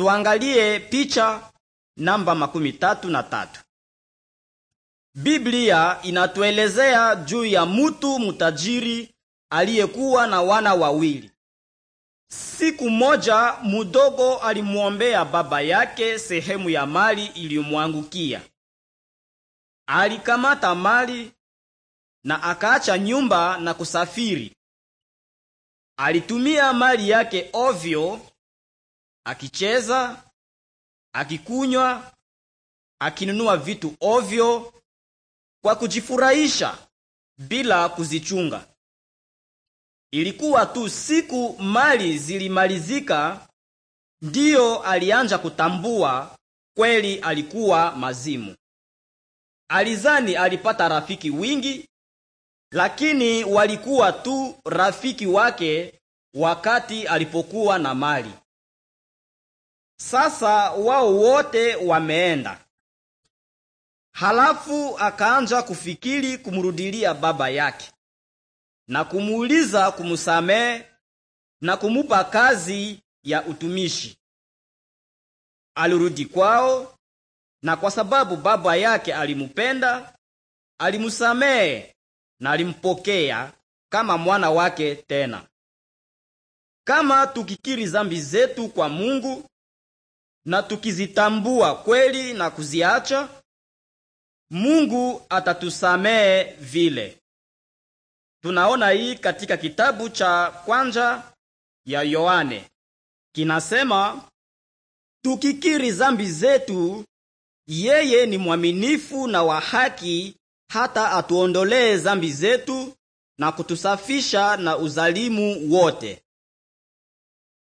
tuangalie picha namba makumi tatu na tatu. Biblia inatuelezea juu ya mutu mutajiri aliyekuwa na wana wawili. Siku moja mudogo alimwombea baba yake sehemu ya mali iliyomwangukia. Alikamata mali na akaacha nyumba na kusafiri. Alitumia mali yake ovyo akicheza, akikunywa, akinunua vitu ovyo kwa kujifurahisha bila kuzichunga. Ilikuwa tu siku mali zilimalizika ndiyo alianja kutambua kweli alikuwa mazimu. Alizani alipata rafiki wingi, lakini walikuwa tu rafiki wake wakati alipokuwa na mali. Sasa wao wote wameenda. Halafu akaanza kufikiri kumrudilia baba yake na kumuuliza kumsamehe na kumupa kazi ya utumishi. Alirudi kwao, na kwa sababu baba yake alimupenda, alimsamehe na alimpokea kama mwana wake tena. Kama tukikiri zambi zetu kwa Mungu, na tukizitambua kweli na kuziacha, Mungu atatusamee vile. Tunaona hii katika kitabu cha kwanza ya Yohane. Kinasema, tukikiri zambi zetu, yeye ni mwaminifu na wa haki hata atuondolee zambi zetu na kutusafisha na uzalimu wote.